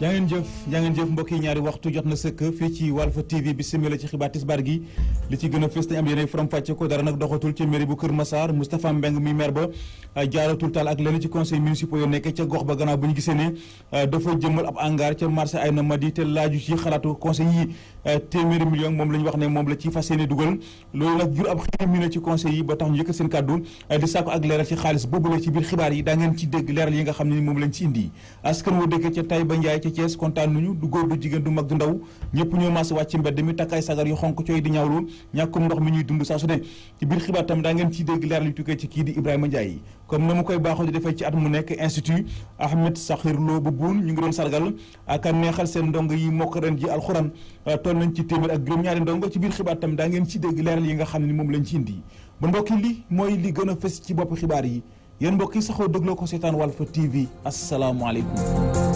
jaa ngeen jëf jaa ngeen jëf mbokk yi ñaari waxtu jot na sëkk fii ci Walf TV bisimila ci xibaar bar gi li ci gën a fës dañ am yeneen faram fàcce ko dara nag doxatul ci mairie bu Kër Massar Moustapha Mbeng mi maire ba jaaratul ah, taal ak lenn ci conseil municipal yu ca gox ba gannaaw bu ñu gisee ne ah, dafa jëmmal ab hangar ca marché ay na madi te laaju ci xalaatu conseil yi ah, téeméeri million moom la ñu wax ne moom la ci fas yéene dugal loolu nag jur ab xëy mi ci conseil yi ba tax ñu yëkkat seen kàddu di sàkku ak leeral ci xaalis boobu la ci biir xibaar yi daa ngeen ci dégg leeral yi moom lañ ci indi askan wu dëkk ca Taïba Ndiaye ca Thiès kontaan nañu du góor ñoo maas wàcc ci mbedd mi takkaay sagar yu xonk ñàkkum ndox mi ñuy dund saa su ne ci biir xibaar tam daa ngeen ciy dégg leeral yu tukkee ci kii di Ibrahima Ndiaye comme na mu koy baaxoo di defee ci at mu nekk institut Ahmed Sakhir Lo bu Buun ñu ngi doon sargal ak neexal seen ndongo yi mokk ren ji alxuraan euh, toll nañ ci téeméer ak juróom-ñaari ndongo ci biir xibaar tam daa ci dégg leeral yi nga xam ne moom lañ ci indi ba mbokki li mooy li gën a fës ci bopp xibaar yi yéen mbokk yi saxoo dégloo ko seetaan Walf TV asalaamaaleykum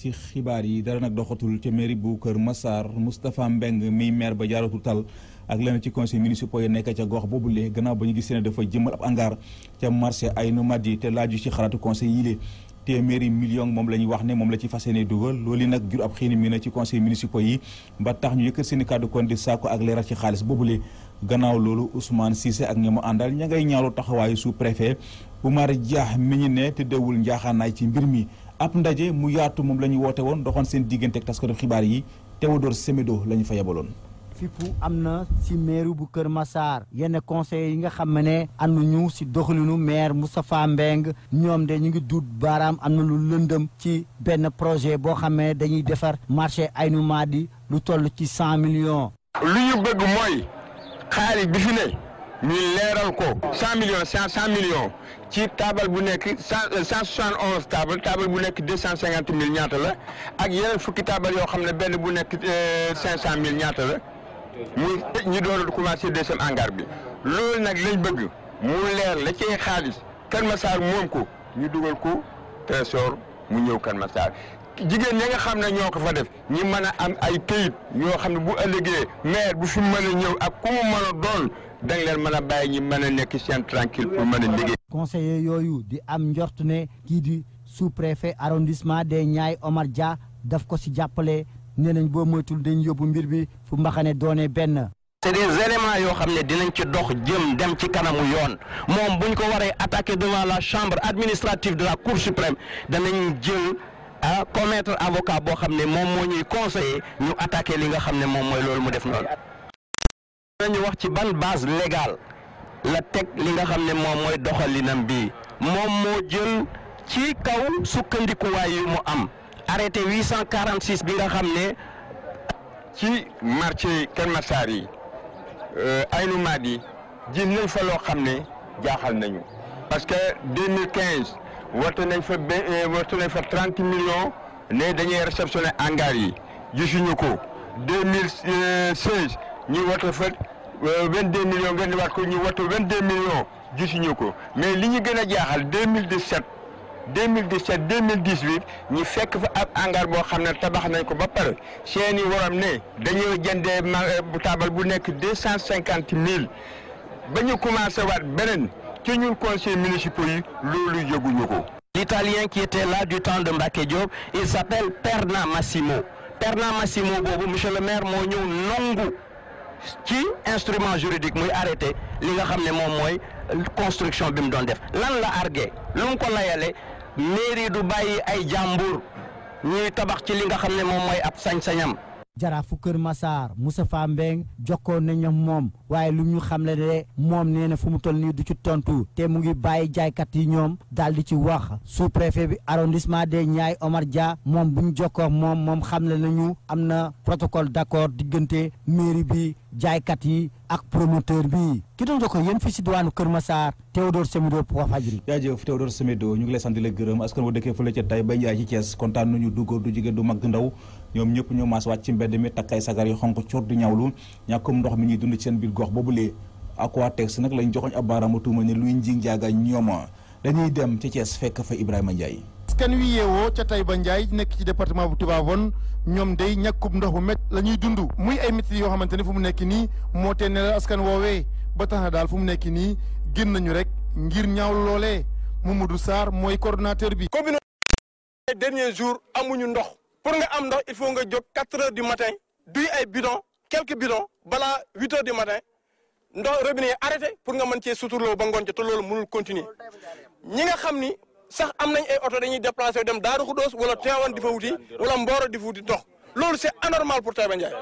ci xibaar yi dara nag doxatul ca mairie bu Kër Massar Moustapha Mbeng miy maire ba jaaratul tal ak leneen ci conseil municipal yi nekk ca gox boobule gannaaw ba ñu gisee dafa jëmal ab angaar ca marché ay nomadi te laaju ci xalaatu conseil yi téeméeri million moom la ñuy wax ne moom la ci fas yéene dugal loolu nag jur ab xiini mi na ci tax ñu yëkkat seen i kàddu ak leeral ci xaalis boobule gannaaw loolu Ousmane Cissé ak ñi mu àndal ña ngay ñaalu taxawaayu sous préfet Oumar jaax mi ñu ne te dewul njaaxaanaay ci mbir mi ab ndaje mu yaatu moom la ñu woote woon doxoon seen diggante ak taskatu xibaar yi Théodore Semedo la ñu fa yebaloon. fippu am na si maire bu Kër Massar yenn conseillers yi nga xam ne ñu si doxalinu maire Moustapha Mbeng ñoom de ñu ngi duut baaraam am na lu lëndëm ci benn projet boo xamee dañuy defar marché Aynou Madi lu toll ci cent millions. lu ñu bëgg mooy xaalis bi fi ne ñu leeral ko. cent millions cent ci taabal bu nekk cent euh, cent soixante onze taabal taabal bu nekk deux cent cinquante mille ñaata la ak yeneen fukki taabal yoo xam ne benn bu nekk euh, cinq cent mille ñaata la ñi ñu doon commencé deuxième hangar bi loolu nag lañ bëgg mu leer la ci xaalis Keur Massar moom ko ñu dugal ko trésor mu ñëw Keur Massar jigéen ñi nga xam ne ñoo ko fa def ñi mën a am ay këyit ñoo xam ne bu ëllëgee maire bu fi mën a ñëw ak ku mu mën a doon da nga leen mën a bàyyi ñi mën a nekk seen mën a liggéey conseiller yooyu di am njort ne kii di sous-préfet arrondissement des Niayes Omar Dia daf ko ci jàppale nee nañ boo moytul dañ yóbbu mbir bi fu mbaxane doone benn c'est des éléments yoo xam ne dinañ ci dox jëm dem ci kanamu yoon moom buñ ko waree attaquer devant la chambre administrative de la cour suprême danañ jël ah commettre avocat boo xam ne moom moo ñuy conseiller ñu attaquer li nga xam ne moom mooy loolu mu def noonu. dinañu wax ci ban base légale. la teg li nga xam ne moom mooy doxalinam bi moom moo jël ci kaw sukkandikuwaay yu mu am arrêté 846 bi nga xam ne ci marché Kër Massar yi euh, Aynu yi ji nañ fa loo xam ne jaaxal nañu parce que 2015 woote nañ fa ba euh, woote nañ fa 30 millions ne dañuy réceptionné hangar yi gisuñu ko 2016 euh, ñu woote 22 euh, millions ngeen di waat ko ñu wattu 22 millions gisuñu ko mais li ñu gën a jaaxal 2017 2017 2018 ñu fekk fa ab hangar boo xam ne tabax nañ ko ba pare seen i waram ne dañoo jëndee euh, taabal bu nekk 250 000 ba ñu commencé waat beneen ci ñun conseil municipaux yi loolu yëguñu ko. L'Italien qui était là du temps de Mbacké Diop il s'appelle Perna Massimo Perna Massimo boobu monsieur le maire moo ñëw nangu. ci instrument juridique muy arrêté li nga xam ne moom mooy construction bi mu doon def lan la argué lu mu ko layale mairie du bàyyi ay jàmbur ñuy tabax ci li nga xam ne moom mooy ab sañ-sañam jaraafu Kër Massar Moustapha Mbeng jokkoon na ñoom moom waaye lu ñu xamle ne moom nee na fu mu toll nii du ci tontu te mu ngi bàyyi jaaykat yi ñoom daal di ci wax su préfet bi arrondissement de Niayes Omar Dia moom bu ñu jokkoo moom moom xamle nañu am na protocole d'accord diggante mairie bi jaaykat yi ak promoteur bi ki doon jokkoo yéen fii si Kër Massar Théodore Semedo Walfadjri jaajëf Théodore Semedo ñu ngi lay sant di la gërëm askan wa dëkkee fële ca nañu du du jigéen du mag ndaw ñoom ñëpp ñoo maas wàcc ci mbedd mi takkay sagar yu xonk cur di ñawlu ñàkkum ndox mi ñuy dund ci seen biir gox boobulee Aquatex nag lañu joxoñ ab baaraamu tuuma ne luy nji njaaga ñooma dañuy dem ca Thiès fekk fa Ibrahima Ndiaye. askan wi yeewoo ca Taïba Ndiaye nekk ci département bu Tivaouane ñoom dey ñàkkum ndox bu métti la ñuy dund muy ay métti yoo xamante ne fu mu nekk nii moo te ne la askan woowee ba tax na daal fu mu nekk nii génn nañu rek ngir ñaaw loolee Mamadou Sarr mooy coordonnateur bi. commune dernier jour amuñu ndox. pour nga am ndox il faut nga jóg quatre heures du matin duy ay bidon quelques bidons bala huit heures du matin ndox robinet arrêté pour nga mën cee suturloo ba ngoon to te loolu mënul continuer ñi nga xam ni sax am nañ ay oto dañuy déplacé dem Daaru Xudóos wala Tiwaawan di fa wuti wala Mbooro di fa wuti ndox loolu c'est anormal pour Taïba Ndiaye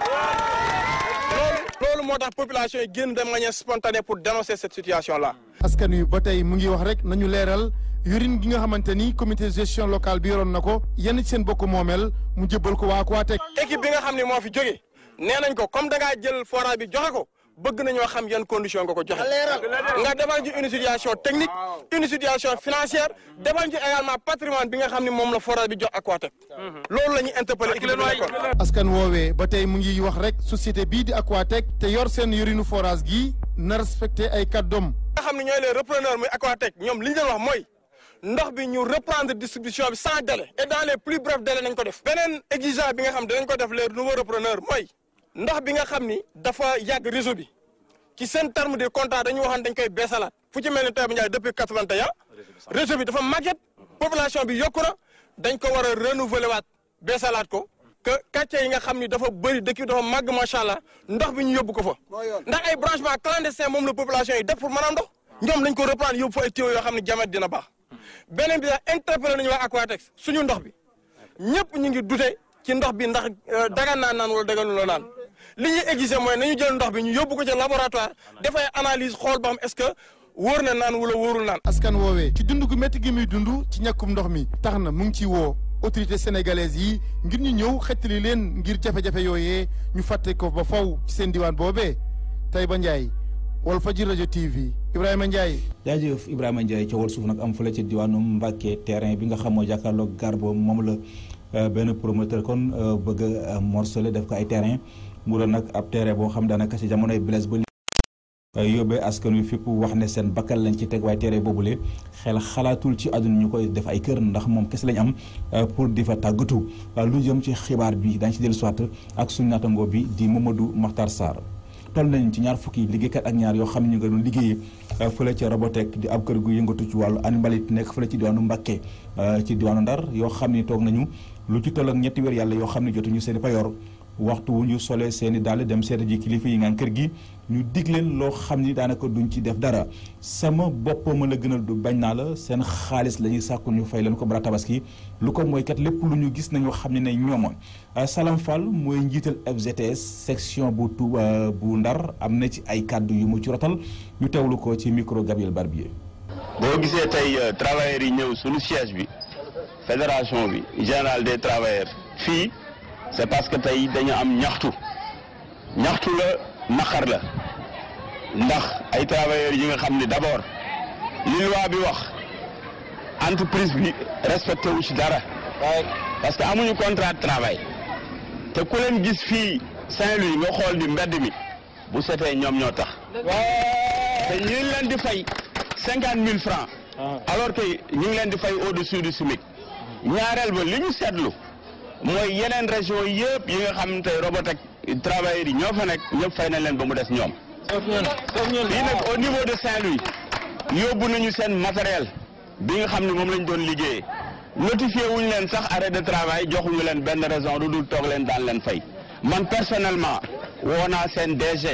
loolu moo tax population yi génn de manière spontanée pour dénoncer cette situation là askan wi ba tey mu ngi wax rek nañu leeral yorin gi nga xamante ni comité gestion local bi yoroon na ko yenn ci seen bokk moomeel mu jëbbal ko waa Aquatech. équipe bi nga xam ne moo fi jógee neenañ nañ ko comme dangaa jël forage bi joxe ko bëgg nañoo xam yan condition nga ko joxe. nga defal ñu une situation technique une situation financière defal ñu également patrimoine bi nga xam ne moom la forage bi jox Aquatech. loolu la ñuy interpellé équipe bi askan woowee ba tey mu ngi wax rek société bii di Aquatech te yor seen yorinu forage gi na respecté ay kàddoom. nga xam ne ñooy les repreneurs ñoom li ñu wax mooy. ndox bi ñu reprendre distribution bi sans délai et dans les plus brefs délais nañ ko def beneen exigence bi nga xam danañ ko def les nouveaux repreneurs mooy ndox bi nga xam ni dafa yàgg réseau bi ci seen terme de contrat dañu waxoon dañ koy beesalaat fu ci mel ni Taïba Ndiaye dafa màgget population bi yokku na dañ ko war a renouveler waat salaat ko que quartier yi nga xam ni dafa bëri dëkk dafa màgg macha ndox bi ñu yóbbu ko fa ndax ay branchement clandestin moom la population yi def pour a ndox ñoom dañ ko reprendre yóbbu fa ay yoo xam ne jamet dina baax beneen bi sax interpellé nañu waa Aquatex suñu ndox bi ñëpp ñu ngi dute ci ndox bi ndax euh, dagan naa naan wala daganuloo naan li ñu exiger mooy nañu jël ndox bi ñu yóbbu ko ci laboratoire def analise analyse xool ba est-ce que wóor na naan wala wóorul naan. askan woowee ci dund gu métti gi muy dundu ci ñàkkum ndox mi tax na mu ngi ciy woo autorité sénégalaises yi ngir ñu ñëw xettali leen ngir jafe-jafe yooyee ñu fàtte ko ba faw seen diwaan boobee Taïba Ndiaye Walfadjri rajo TV. Ibrahima Ndiaye. jaajëf Ibrahima Ndiaye ca wal suuf nag am fële ci diwaanu Mbacke terrain bi nga xamoo moo jàkkaarloog garbo moom la euh, benn promoteur kon euh, bëgg a morcelé def ko ay terrain mu doon nag ab tere boo xam daanaka ci jamonoy Blaise ba euh, yóbbee askan wi fépp wax ne seen bakkal lañ ci teg waaye terrain boobule xel xalaatul ci àdduna ñu koy def ay kër ndax moom kese lañ am pour di fa tàggatu lu jëm ci xibaar bi dañ ci dellu soit ak suñu naataango bi di Mamadou Makhtar Sarr. toll nañu ci ñaar fukki liggéeykat ak ñaar yoo xam ne ñu nga doon liggéeyee euh, fële ca Robotek di ab kër gu yëngatu ci wàllu animalit nekk fële ci diwaanu Mbacké euh, ci diwaanu Ndar yoo xam ni toog nañu lu ci toll ak ñetti weer yàlla yoo xam ne jotuñu seen i payoor waxtu wu ñu solee seeni i dem seeta ji kilifa yi ngaan kër gi ñu dig leen loo xam ni daanaka duñ ci def dara sama boppam a gënal du bañ naa la seen xaalis la ñuy ñu fay leen ko bara tabaski lu ko moykat lépp lu ñu gis nañu xam ne ne ñoom euh, Salam Fall mooy njiital FGTS section bu Touba bu Ndar am na ci ay kàddu yu mu ci rotal ñu teewlu ko ci micro Gabriel Barbier. boo gisee tey euh, travailleurs yi ñëw suñu siège bi fédération bi générale des travailleurs fii c'est parce que tey dañu am ñaxtu ñaxtu la naqar la. ndax ay travailleurs yi nga xam ni d'abord li loi bi wax entreprise bi respecté wu ci dara. parce que amuñu contrat de te ku leen gis fii Saint-Louis nga xool ni mbedd mi bu setee ñoom ñoo tax. te ñu leen di fay cinquante mille francs. Ah. alors que ñu leen di fay au-dessus du SMIC. ñaareel ba li ñu seetlu mooy yeneen région yëpp yi nga xam te Robotech travailleurs yi ñoo fa nekk ñëpp fay na leen ba mu des ñoom. lii nag au niveau de saint yóbbu nañu seen matériel bi nga xam ne moom lañ doon liggéeyee notifié wuñ leen sax arrêt de travail joxuñu leen benn raison du dul toog leen daan leen fay man personnellement woo naa seen DG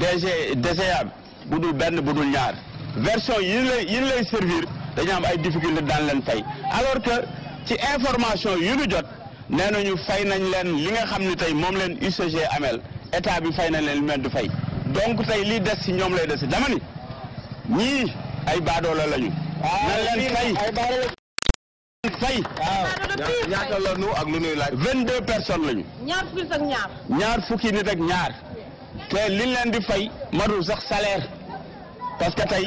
DG DGA bu dul benn bu dul ñaar version yi lay yi lay servir am ay difficulté daan leen fay alors que ci information yu ñu jot nee nañu fay nañ leen li nga xam ni tey moom leen UCG amel état bi fay nañ leen lu mel du fay donc tey lii des ci ñoom lay des si dama ni ñii ay baadoola lañu. Ah, na leen fay ah. la ñu ak lu ñuy laaj. vingt deux personnes lañu. ñaar fukki nit ak ñaar. ñaar fukki nit ñaar. te liñ leen di fay madul sax salaire. parce que tey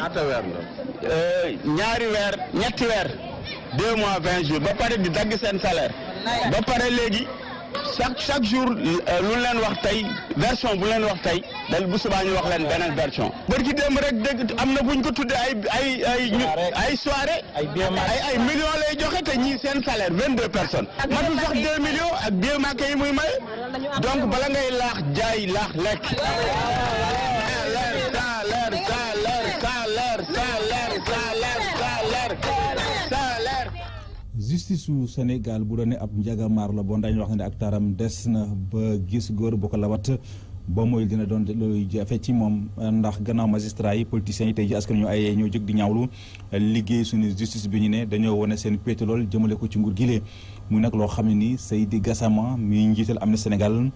euh, ñaari weer ñetti weer deux mois vingt jours ba pare di dagg seen salaire. ba pare léegi. chaque chaque jour euh, lu leen wax tey version bu leen wax tey dal bu subaa ñu wax leen beneen version. bërki dem rek dégg am na buñ ko tuddee ay ay ay ay soirée ay ay millions lay joxe te ñii seen salaire vingt deux personnes matul sax deux millions ak biir maaka yi muy may donc bala ngay laax jaay laax lekk. Ah. justice su Sénégal bu doon ab njagamaar la bon dañu wax ne ak taram des na ba gis góor bu ko lawat ba mooy dina doon luy jafe ci moom ndax gannaaw magistrat yi politiciens yi askan ñu ay ñoo jóg di liggéey suñu justice bi ñu ne dañoo wane seen péetu lool jëmale ko ci nguur gi mu nag loo xam ne ni Seydi Gassama mi njiital am na Sénégal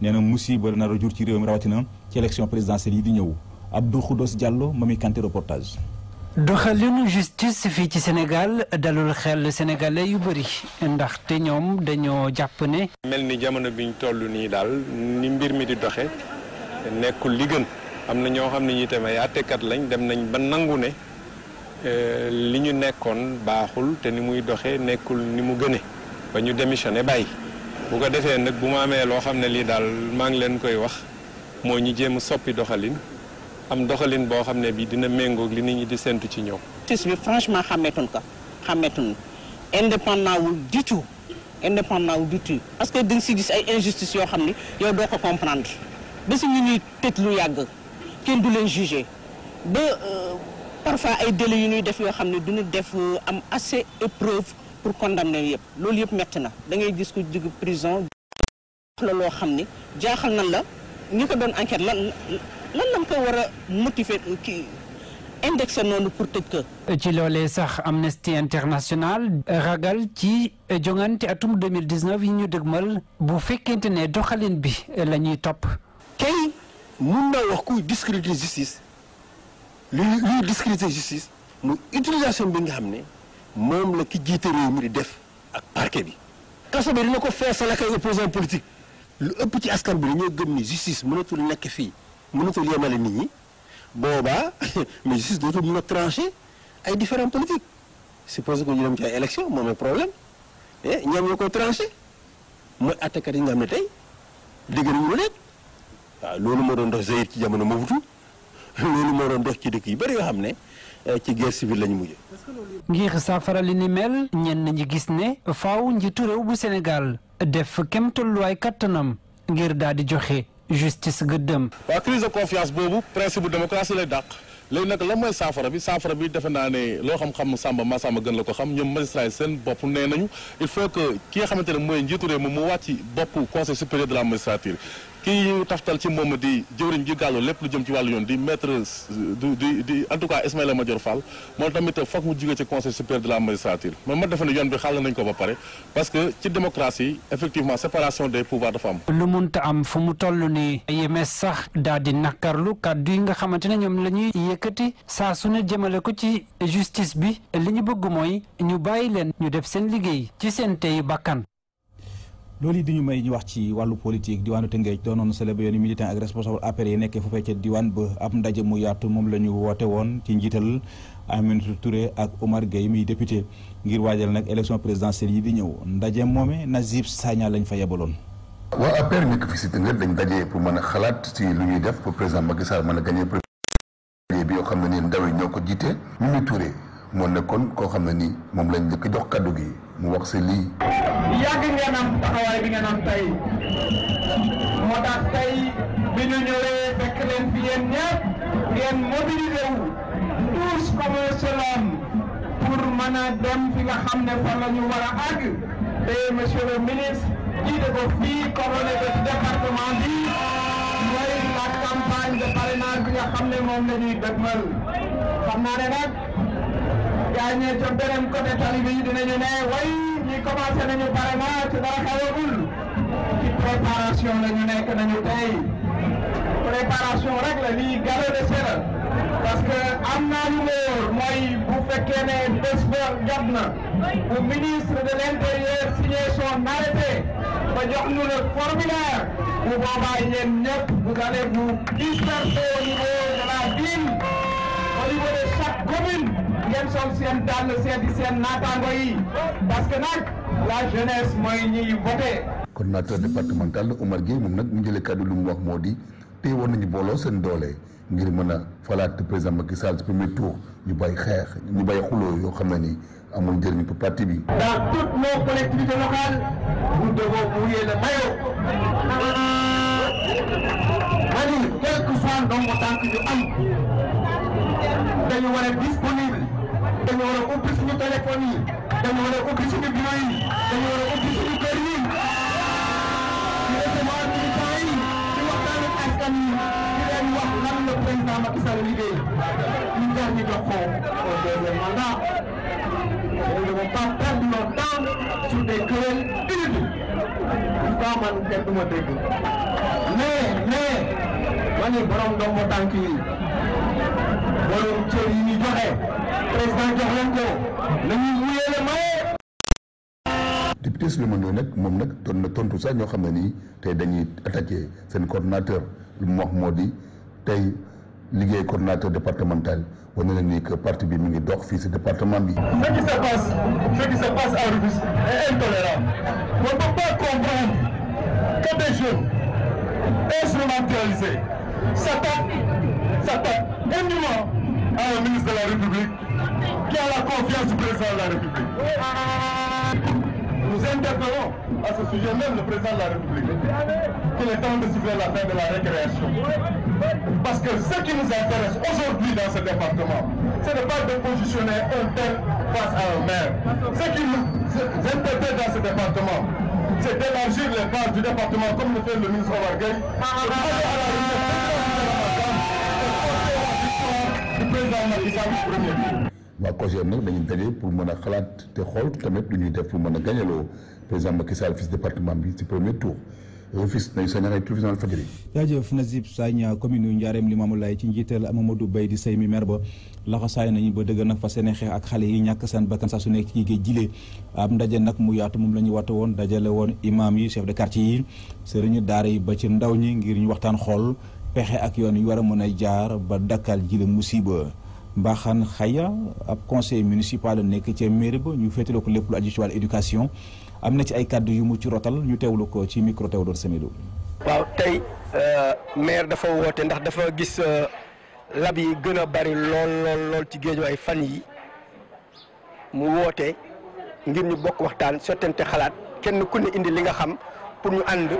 nee na musiba nar a jur ci réew mi rawatina ci élection présidentielle yi di ñëw Abdou Khoudoss ma Mamy Kanté reportage doxalinu justice fii ci Sénégal dalul xel sénégalais yu bëri te ñoom dañoo jàpp ne. mel ni jamono biñ toll nii daal ni mbir mi di doxe nekkul li gën am na ñoo xam ne ñi tamit àttekat lañ dem nañ ba nangu ne euh, li ñu nekkoon baaxul te ni muy doxe nekkul ni mu gëne ba ñu démissionné bàyyi. bu ko defee nag bu ma amee loo xam ne lii daal maa ngi leen koy wax moo ñu jéem a soppi doxalin. am doxalin boo xam ne bi dina méngoog li nit ñi di séntu ci ñoom. justice bi franchement xàmmeetuñ ko xàmmeetuñ indépendant wu du tout indépendant wu du tout parce que dañ si gis ay injustice yoo xam ne yow doo ko comprendre ba si ñu ñuy tëj lu yàgg kenn du leen jugé ba euh, parfois ay délais yu ñuy def yoo xam ne duñu def euh, am assez épreuve pour condamner yëpp loolu yëpp metti na da ngay gis ko jug prison la xam ne jaaxal nan la ñi ko doon enquête lan lan la ko war a motiver kii indexé noonu pour tëj ko. ci loolee sax Amnesty International ragal ci jongante atum 2019 yi ñu dëgmal bu fekkente ne doxalin bi la ñuy topp. kay mun naa wax kuy discréditer justice luy luy discréditer justice mu utilisation bi nga xam ne moom la ki jiite réew mi di def ak parquet bi. kaso bi dina ko feesal ak ay opposants lu ëpp ci askan bi dañoo gëm ni justice mënatul nekk fii. mënatul yemale nit ñi boobaa mais justice dootul mën a tranché ay différents politiques suppose que ñu dem ci ay élection moom ay problème eh ñoom koy tranché mooy attakat yi nga xam ne tey dégg nañu lu nekk waaw loolu moo doon dox Zaïre ci jamono Mobutu loolu moo doon dox ci dëkk yi bëri yoo xam ne eh, ci guerre civile la ñu mujj. ngir saafara li ni mel ñenn ñi gis ne faaw njiitu réew bu Sénégal def kem tolluwaay kattanam ngir daal di joxe. justice gëddëm. waaw crise de confiance boobu principe bu démocratie lay dàq léegi nag lan mooy saafara bi saafara bi defe naa ne loo xam-xam Samba Massamba gën la ko xam ñoom magistrat yi seen bopp nee nañu il faut que ki nga xamante ne mooy njiitu réew mi mu wàcc bopp conseil supérieur de la magistrature kii ñu taftal ci moom di jëwriñ ji gàllu lépp lu jëm ci wàllu yoon di maître euh, du di di en tout cas Ismaïla Madior Fall moom tamit foog mu jógee ci conseil supérieur de la magistrature mais ma defe ne yoon bi xàll nañ ko ba pare parce que ci démocratie effectivement séparation des pouvoirs dafa am. lu munta am fu mu toll nii. IMS sax daal di nakarlu kàddu yi nga xamante ne ñoom la ñuy yëkkati saa su ne jëmale ko ci justice bi li ñu bëgg mooy ñu bàyyi leen ñu def seen liggéey ci seen tey bakkan. loolu yi di ñu may ñu wax ci wàllu politique diwaanu Tëngéej doonoon célébré yooni militant ak responsable APR yi nekkee foofee ca diwaan ba ab ndaje mu yaatu moom la ñu woote woon ci njiital Aminata Touré ak Omar Gueye mi député ngir waajal nag élection présidentielle yi di ñëw ndaje moome Nazib Sagna lañ fa yebaloon waa APR nekk fi si Tëngéej dañ daje pour mën a xalaat ci lu ñuy def pour président Macky Sall mën a gagné premier bi yoo xam ne nii ndaw yi ñoo ko jiite Mimi Touré koo xam ne nii moom lañ njëkk jox kaddu mu wax si lii. yàgg ngeen am taxawaay bi ngeen am tey moo tax tey bi ñu ñëwee fekk leen fi yéen ñëpp ngeen mobilisé wu tous comme seul homme pour mën a dem fi nga xam ne fan la ñu war a àgg te monsieur le ministre jiite ko fii coordonné ko ci département bi mooy la campagne de parrainage bi nga xam ne moom la ñuy dëgmal xam naa ne nag. gaañee ca beneen côté tali bi dinañu way ñi commencé nañu parrainage dara xewagul ci préparation la ñu nekk nañu tey préparation rek la lii galo de sera parce que am naa lu wóor mooy bu fekkee ne bés ba jot na bu ministre de l'intérieur signé son arrêté ba jox ñu le formulaire bu boobaa yéen ñëpp vous allez ngeen sol seen parce que nag la jeunesse mooy ñiy voté. coordonnateur départemental Omar Gueye moom nag mu jëlee kàddu lu mu wax moo di tey war nañu booloo seen doole ngir mën a falaat président Macky Sall ci premier ñu bàyyi xeex ñu bàyyi xuloo yoo xam ne ni amul njëriñ pour parti bi. dans toutes nos collectivités locales nous devons mouiller le maillot. ma ni quel que soit ndombo tànk ñu am dañu war a disponible. dañu war a ubbi suñu téléphone yi dañu war a ubbi suñu bureau yi dañu war a ubbi suñu kër yi di recevoir militants yi di waxtaan ak askan yi di leen wax lan la président Macky Sall liggéey ñu jox ñu jox ko au deuxième mandat nous ne devons pas perdre notre temps sur des querelles inutiles pourtant man kenn du ma dégg mais mais ma ne borom doomu tànk yi borom cër yi ñu joxe président jox député Souleymane Ndoye nag moom nag doon na tontu sax ñoo xam ne nii tey dañuy attaqué seen coordonnateur lu mu wax moo di tey liggéey coordonnateur départemental wane na ni que parti bi mu ngi dox fii si département bi. ce qui se passe ce qui se passe à Rufisque est intolérable on ne comprendre que des jeunes instrumentalisés s'attaquent s'attaquent à un ministre de la République qui a la confiance du président de la République. Nous interpellons à ce sujet même le président de la République qu'il est temps de siffler la fin de la récréation. Parce que ce qui nous intéresse aujourd'hui dans ce département, Ce qui nous intéresse dans ce département, c'est d'élargir les bases du département comme le fait le ministre Omar Gueye. président Macky Sall waa COJER nag dañu daje pour mën a xalaat te xool tamit lu ñuy def pour mën a gañaloo président Macky Sall fii département bi ci premier tour. office nañu sa ñaareel tuuti naan fajri. jaajëf Nazib Sagna commune yu Njaareem Limaamu Laay ci njiital Mamadou Bay di say mi mer ba laxasaay nañu ba dëgg nag fa yéene xeex ak xale yi ñàkk seen bakkan saa su nekk ci géej jilee ab ndaje nag mu yaatu moom la ñu wàtte woon dajale woon imam yi seef de quartier yi sëriñu daara yi ba ci ndaw ñi ngir ñu waxtaan xool pexe ak yoon yu war a mën a jaar ba dakkal jile musiba. Mbaxaan Xaya ab conseil municipal nekk ca mairie ba ñu féetaloo ko lépp lu aju ci wàllu éducation am na ci ay kàddu yu mu ci rotal ñu teewlu ko ci micro Théodore Semedo. waaw tey euh, maire dafa woote ndax dafa gis euh, lab yi gën a bari lool lool ci géej ay fan yi mu woote ngir ñu bokk waxtaan sottante xalaat kenn ku indi li nga xam pour ñu ànd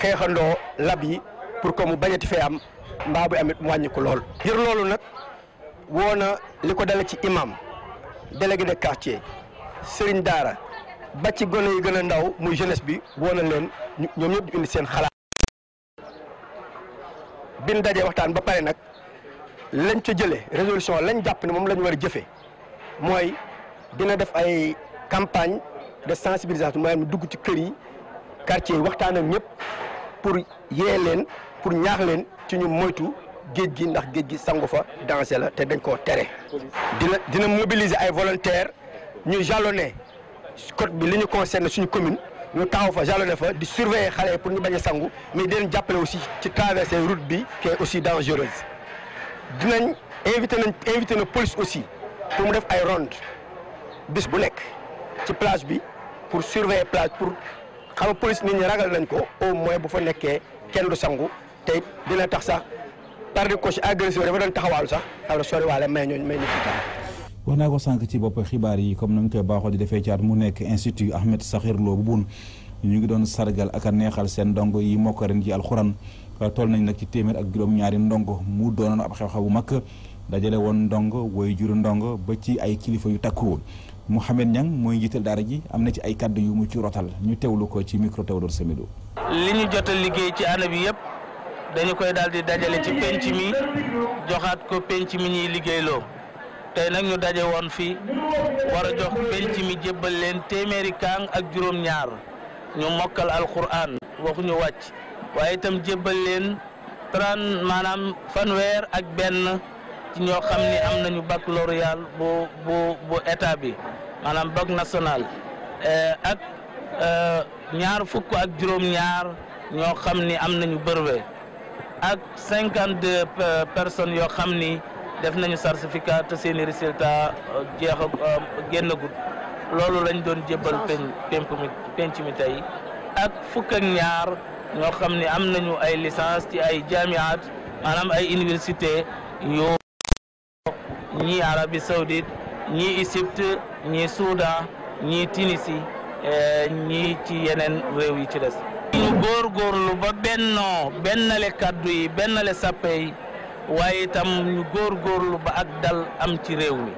xeexandoo lab yi pour que mu bañati fee am mbaa bu amit mu wàññi lool. ngir loolu nag. woo na li ko dale ci imam délégué de quartier sëriñ daara ba ci gone yi gën ndaw muy jeunesse bi woo na leen ñoom ñëpp ñu indi seen xalaat bin dajee waxtaan ba pare nag lañ ca jëlee résolution lañ jàpp ne moom lañu war a jëfee mooy dina def ay campagne de sensibilisation maanaam dugg ci kër yi quartier yi waxtaan ak ñëpp pour yee leen pour ñaax leen ci ñu moytu géej gi ndax géej gi sangu fa danger la te dañ koo tere. dina dina mobiliser ay volontaires ñu jalonné côte bi li ñu concerne suñu commune ñu taaw fa jalonné fa di surveiller xale yi pour ñu bañ a sangu mais dinañ jàppale aussi ci traverser route bi qui est aussi dangereuse. dinañ invité nañ invité na police aussi pour mu def ay ronde bis bu nekk ci plage bi pour surveiller plage pour xam police ni ñi ragal nañ ko au moins bu fa nekkee kenn du sangu te dina tax sax. par de coach agressif dafa doon taxawaalu sax xam ne wax naa ko sànq ci bopp xibaar yi comme ni ñu koy baaxoo di defee caat mu nekk institut Ahmed Sakhir Lo bu Bun ñu ngi doon sargal ak a neexal seen ndongo yi mokk ren ci alxuraan toll nañ nag ci téeméer ak juróom-ñaari ndongo mu doonoon ab xew-xew bu mag dajale woon ndongo woy juru ndongo ba ci ay kilifa yu takku Mouhamed Niang mooy njiital dara ji am na ci ay kàddu yu mu ci rotal ñu teew lu ko ci micro Théodore Semedo. li ñu liggéey ci année bi yëpp. dañu koy daal di dajale ci penc mi joxaat ko pénc mi ñuy liggéeyloo tey nag ñu daje woon fi war a jox penc mi jébbal leen téeméeri kaang ak juróom-ñaar ñu mokkal alquran waxuñu wàcc waaye itam jébbal leen trente maanaam fanweer ak benn ci ñoo xam ni am nañu baccalauréat bu bu bu bi maanaam bac national eh, ak eh, ñaar fukk ak juróom-ñaar ñoo xam ni am na ñu brevet ak cinquante deux personnes yoo xam ni def nañu certificat te seeni résultat euh, jeex a euh, génnagut loolu lañ doon jébbal penc mi penc mi ak fukk ñaar ñoo xam ni am nañu ay licence ci ay jamiat maanaam ay université yoo ñii Arabie Saoudite ñii Égypte ñii Soudan ñii Tunisie euh, ñii ci yeneen réew yi ci des ñu góorgóorlu ba bennoo bennale kàddu yi bennale sàppe yi waaye itam ñu góorgóorlu ba ak dal am ci réew mi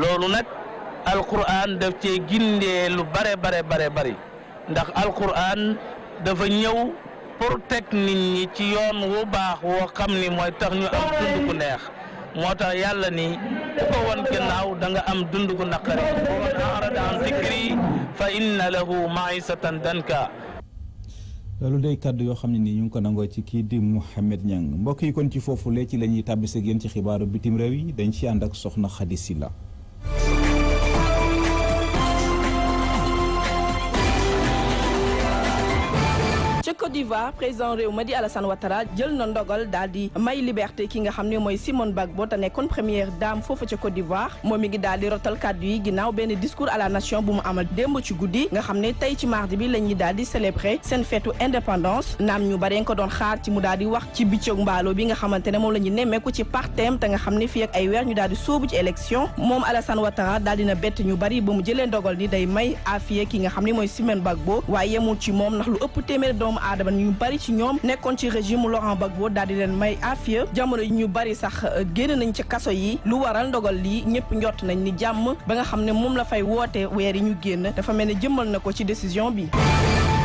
loolu nag alquran def cee gindee lu bare bare bare bari ndax alquran dafa ñëw pour teg nit ñi ci yoon wu baax woo xam ni mooy tax ñu am dund neex moo tax yàlla ni ku ko won gannaaw da am dund gu naqari wa man arada an zikri fa inna lahu maisatan danka loolu day kàddu yoo xam ne ni ñu ngi ko nangoo ci kii di Mouhamed Niang mbokk yi kon ci foofu lee ci la ñuy tàbbisee ak ci xibaaru bitim réew yi dañ ci ànd ak soxna Khady Sylla Côte d'Ivoire président réew ma di Alassane Ouattara jël na ndogal daal may liberté ki nga xam ne mooy Simone Gbagbo te nekkoon première dame foofu ca Côte d'Ivoire moom mi ngi daal rotal kàddu yi ginnaaw benn discours à la nation bu mu amal démb ci guddi nga xam ne tey ci mardi bi la ñuy daal seen feetu indépendance naam ñu bare nga ko doon xaar ci mu daal wax ci biccoog mbaalo bi nga xamante ne moom la nemmeeku ci partem te nga xam ne fii ay weer ñu ba aadama ñu bari ci ñoom nekkoon ci régime Laurent Gbagbo daal di leen may afiya jamono yi ñu bari sax euh, génn nañ ci kaso yi lu waral ndogal lii ñëpp njott nañ ni jàmm ba nga xam ne moom la fay woote weer yi ñu génn dafa mel ne jëmmal na ko ci décision bi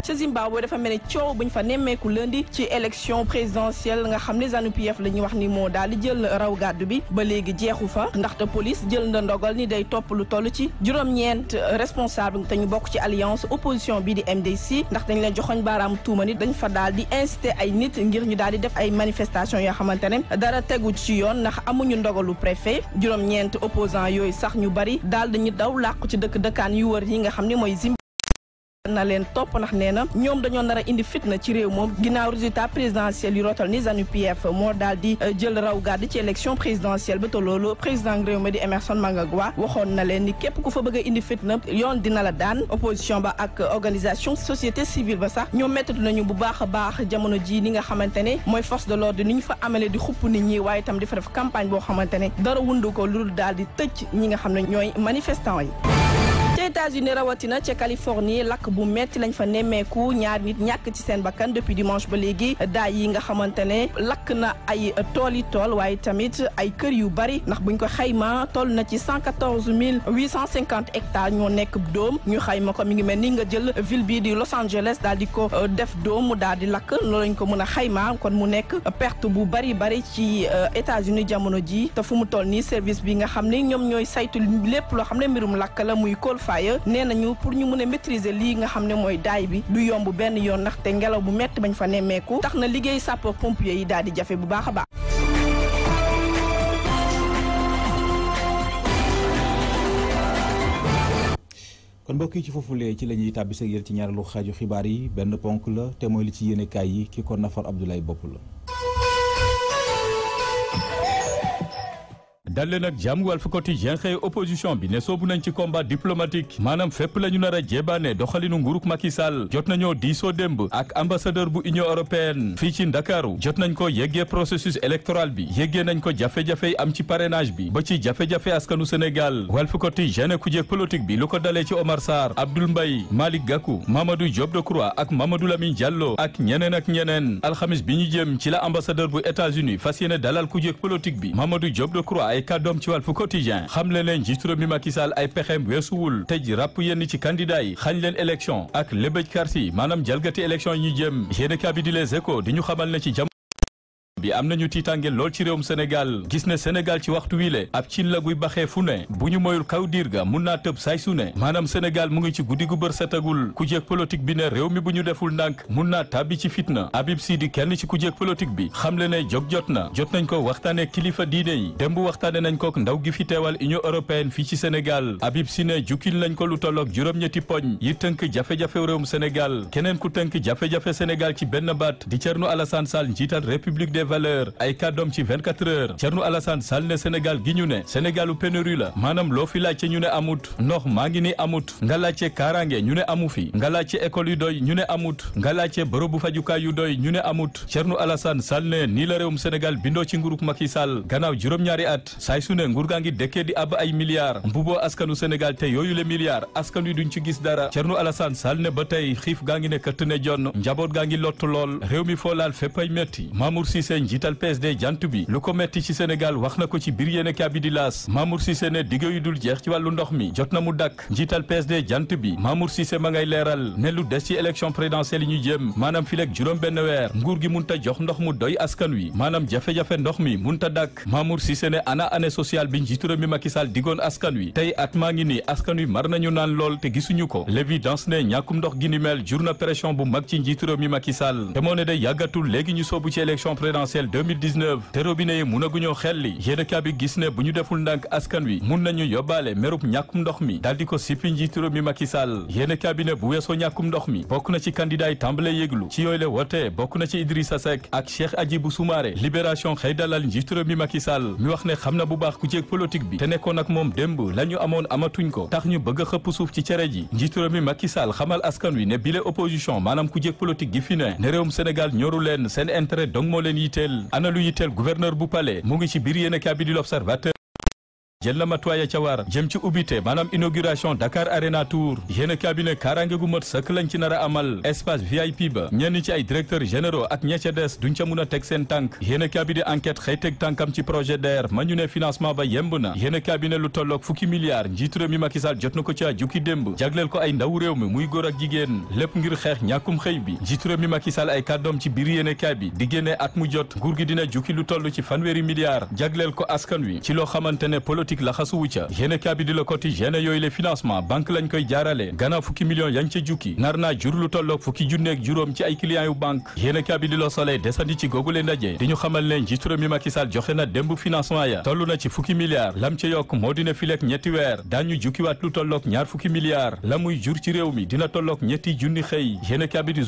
ca Zimbabwe dafa mel ne coow buñ fa nemmeeku lundi ci élection présidentielle nga xam ne ZANU-PF la ñuy wax ni moo daal di jël raw gàdd bi ba léegi jeexu fa ndaxte police jël na ndogal ni day topp lu toll ci juróom-ñeent responsable te ñu bokk ci alliance opposition bi di MDC ndax dañ leen joxoñ baaraam tuuma ni dañ fa daal di inciter ay nit ngir ñu daal di def ay manifestation yoo xamante ne dara tegu ci yoon ndax amuñu ndogalu préfet juróom-ñeent opposant yooyu sax ñu bari daal dañu daw làqu ci dëkk dëkkaan yu wër yi nga xam ne mooy na leen topp ndax nee na ñoom dañoo nara a indi fitna ci réew moom ginnaaw résultat présidentiel yu rotal ni ZANU-PF moo daal di euh, jël raw gàdd ci élection présidentielle ba loolu président réew mi di Emerson Mnangagwa waxoon na leen ni képp ku fa bëgg a indi fitna yoon dina la daan opposition ba ak organisation société civile ba sax ñoom méttatu nañu bu baax a baax jamono ji ni nga xamante ne mooy force de l'ordre ni ñu fa amalee di xupp nit ñi waaye itam di fa campagne boo xamante ne dara wundu ko lu daal di tëj ñi nga xam ne ñooy manifestant yi États-Unis rawatina ca Californie lakk bu metti lañ fa nemmeeku ñaari nit ñàkk ci seen bakkan depuis dimanche ba léegi daay yi nga xamante ne lakk na ay tool yi tool waaye tamit ay kër yu bari ndax buñ ko xayma toll na ci 114 850 hectares ñoo nekk doom ñu xayma ko mi ngi mel ni nga jël ville bii di Los Angeles daal di ko euh, def dóom mu di lakk loolu lañ ko mën a xayma kon mu nekk perte bu bari bari ci euh, États-Unis jamono ji te fu mu toll nii service bi nga xam ne ñoom ñooy saytu lépp loo xam ne mbirum lakk la muy kol Fire waaye nee nañu pour ñu mën a maîtriser lii nga xam ne mooy daay bi du yomb benn yoon ndaxte ngelaw bu metti bañ fa nemmeeku tax na liggéey sapeur pompier yi daal di jafe bu baax a baax. kon mbokk yi ci foofulee ci la ñuy tàbbisee yéen ci ñaareelu xaaju xibaar yi benn ponk la te mooy li ci yéene yi ki ko nafar Abdoulaye Bopp la. dal leen ak jàmm Walf Quotidien xëy opposition bi ne soobu nañ ci combat diplomatique maanaam fépp la ñu nar a jébaane doxalinu nguuruk Macky Sall jot nañoo diisoo démb ak ambassadeur bu union européenne fii ci ndakaaru jot nañ ko yéggee processus électoral bi yéggee nañ ko jafe-jafe am ci parrainage bi ba ci jafe-jafe askanu Sénégal Walf Quotidien ne ku jeeg bi lu ko dalee ci Omar Sarr Abdoul Mbaye Malick Gakou Mamadou Diop Decroix ak Mamadou Lamine Diallo ak ñeneen ak ñeneen alxamis bi ñu jëm ci la ambassadeur bu États-Unis fas yéene dalal ku jeeg bi Mamadou Diop Decroix ay ka kàddoom ci Walf Quotidien xam le leen njiitu réew mi Macky Sall ay pexeem weesuwul tëj ràpp yenn ci candidat yi xañ leen élection ak lébëj carte yi maanaam jalgati élection yi ñu jëm yéene kabi di les di ñu xamal ne ci bi am nañu tiitange lool ci réewum Sénégal gis ne Sénégal ci waxtu wii le ab cin la guy baxee fu ne bu ñu moyul kaw diir ga mun naa tëb saay su ne maanaam Sénégal mu ngi ci guddi gu bër setagul ku jéeg politique bi ne réew mi bu ñu deful ndànk mun naa tàbbi ci fitna si di kenn ci ku jéeg politique bi xamle ne jóg jot na jot nañ ko waxtaane kilifa diine yi démb waxtaane nañ ko ndaw gi fi teewal Union européenne fii ci Sénégal Habib Si ne jukkil nañ ko lu tolloog juróom-ñetti poñ yi tënk jafe-jafe réewum Sénégal keneen ku tënk jafe-jafe Sénégal ci benn baat di Thierno Alassane Sall valeur ay kàddoom ci 24 heures Thierno Alassane Sall ne Sénégal gi ñu ne Sénégalu pénurie la maanaam loo fi laajte ñu ne amut ndox maa ngi ni amut nga laajte kaaraange ñu ne amu fi nga laajte école yu doy ñu ne amut nga laajte bërëbu fajukaay yu doy ñu ne amut Thierno Alassane Sall ne nii la réew Sénégal bindoo ci nguurug Macky Sall gannaaw juróom-ñaari at saay su ne nguur gaa ngi dëkkee di ab ay milliards mbuboo askanu Sénégal te yooyu le milliards askan wi duñ ci gis dara Thierno Alassane Sall ne ba tey xiif gaa ngi ne këtt ne jonn njaboot gaa ngi lott lool réew mi foolaal fépp Dieng njiital PSD jant bi lu ko metti ci Sénégal wax na ko ci biir yéene kaabi di laas Mamour yu dul jeex ci wàllu ndox mi jot na mu dakk njiital PSD jant bi Mamour Cissé ma ngay leeral ne lu des ci élection présidentielle yi ñu jëm maanaam fileeg juróom benn weer nguur gi munta jox ndox mu doy askan wi maanaam jafe-jafe ndox mi mun munta dakk Mamour Cissé ne ana année sociale bi njiitu réew mi Macky Sall digoon askan wi tey at maa ngi nii askan wi mar nañu naan lool te gisuñu ko l'évidence ne ñàkkum gi ni mel jur na bu mag ci njiitu mi Macky présidentielle 2019 te robinet yi munaguñoo xelli yéenekaay bi gis ne bu ñu deful ndànk askan wi mun nañu yóbbaale merub ñàkkum ndox mi daal di ko sippi njiitu réew mi Macky Sall yéenekaay bi ne bu weesoo ñàkkum ndox mi bokk na ci candidat yi tàmbale yéglu ci yooyu la wote bokk na ci Idrissa Seck ak Cheikh Adjibou Soumaré libération xëy dalal njiitu mi Macky mi wax ne xam na bu baax ku jéeg politique bi te nekkoon ak moom démb la amoon amatuñ ko tax ñu bëgg a xëpp suuf ci cere ji mi Macky Sall xamal askan wi ne bile opposition maanaam ku jéeg politique yitteel ana lu yitteel gouverneur bu palais mu ngi ci biir yéenekaay bi di l'Observateur jël na matuwaay ya ca war jëm ci ubbite maanaam inauguration Dakar Arena Tour yéen a cabinet kaaraange gu mat sëkk lañ ci nar amal espace VIP ba ñenn ci ay directeurs généraux ak ña ca des duñ ca mun a teg seen tànk yéen a cabinet enquête xëy teg tànkam ci projet DER ma ñu ne financement ba yemb na yéen a cabinet lu tolloog fukki milliards njiitu mi Macky jot na ko ca jukki démb jagleel ko ay ndaw réew mi muy góor ak jigéen lépp ngir xeex ñàkkum xëy bi njiitu réew mi Macky Sall ay kàddoom ci biir yéen a cabinet di génne ci fanweeri milliards jagleel ko askan wi politique la xasuwu ca yéene kaabi di la koti financement banque lañ koy jaarale gannaaw fukki millions yañ ca jukki nar jur lu tolloog fukki junneeg juróom ci ay clients yu banque yéene kaabi di la ci googule ndaje di ñu xamal ne njiitu mi Macky joxe na démb financement ya toll na ci fukki milliards lam ca yokk moo dina fileeg ñetti weer daañu jukkiwaat lu tolloog ñaar fukki milliards la jur ci réew mi dina tolloog ñetti junni xëy yéene kaabi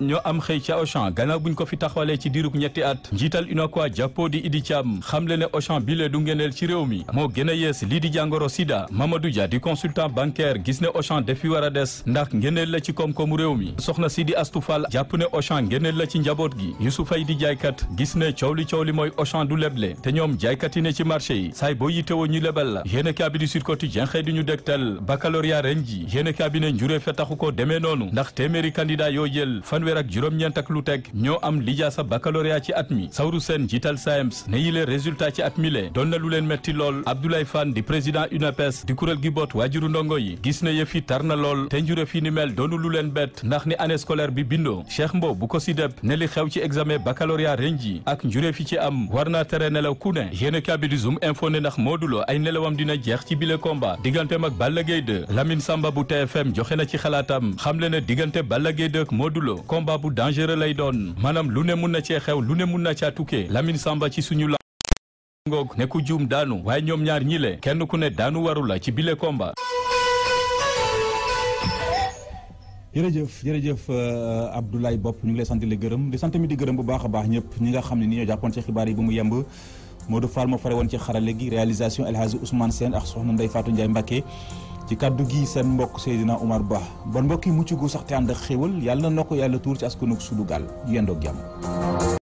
ñoo am xëy ca Auchan bu buñ ko fi taxawalee ci diirub ñetti at njiital UNACOIS jàppoo di Idi Thiam xamle ne Auchan bile du ngeneel ci réew mi moo gën a yees lii di jàngoro sida Mamadou Dia di consultant bancaire gis ne Auchan defi war a des ndax ngeneel la ci koom-koomu réew mi soxna Sidi Astou Fall jàpp ne Auchan ngeneel la ci njaboot gi Youssouf Faye di jaaykat gis ne coow li coow li mooy Auchan du leble te ñoom jaaykat yi ne ci marché yi saay boo yitewoo ñu lebal la yéen a kaabi di ñu dégtal baccalauréat ren ji yéen a kaabi ne demee noonu ndax téeméeri candidat fanweer ak juróom-ñeent ak lu teg ñoo am lijaasa baccalauréat ci at mi Sawru seen jiital SAEMS ne yile résultat ci at mi le doon na lu leen metti lool Abdoulaye Fane di président UNAPES di kuréel gi boot waajuru ndongo yi gis na yëf yi tar na lool te njure fi ni mel doonu lu leen bett ndax ni année scolaire bi bindo Cheikh Mbow bu ko si deb ne li xew ci examen baccalauréat ren ji ak njure fi ci am war naa tere nelaw ku ne yéen kabi di zoom info ne ndax Modou ay nelawam dina jeex ci bile combat digganteem ak Balla Gaye 2 Lamine Samba bu joxe na ci xalaatam xam le ne diggante Balla Gaye 2 ak combat bu dangereux lay doon maanaam lu ne mun na cee xew lu ne mun na caa tukkee Lamine Samba ci suñu la ngoog ne ku daanu waaye ñoom ñaar ñi le kenn ku ne daanu waru la ci bile combat jërëjëf jërëjëf euh, Abdoulaye Bopp ñu ngi lay sant di gërëm di sant mi di gërëm bu baax a baax ñëpp ñi nga xam ne ni ñoo jàppoon ci xibaar yi bu mu yemb Modou Fall moo fare woon ci xarale gi réalisation El Hadji Ousmane ak soxna Ndeye Fatou Ndiaye Mbacké ci kàddu gi seen mbokk Seydina Omar Ba bon mbokk yi mucc gu sax te ànd ak xéwal yàlla na ko yàlla tuur ci askanug Sunugal yendoog jàmm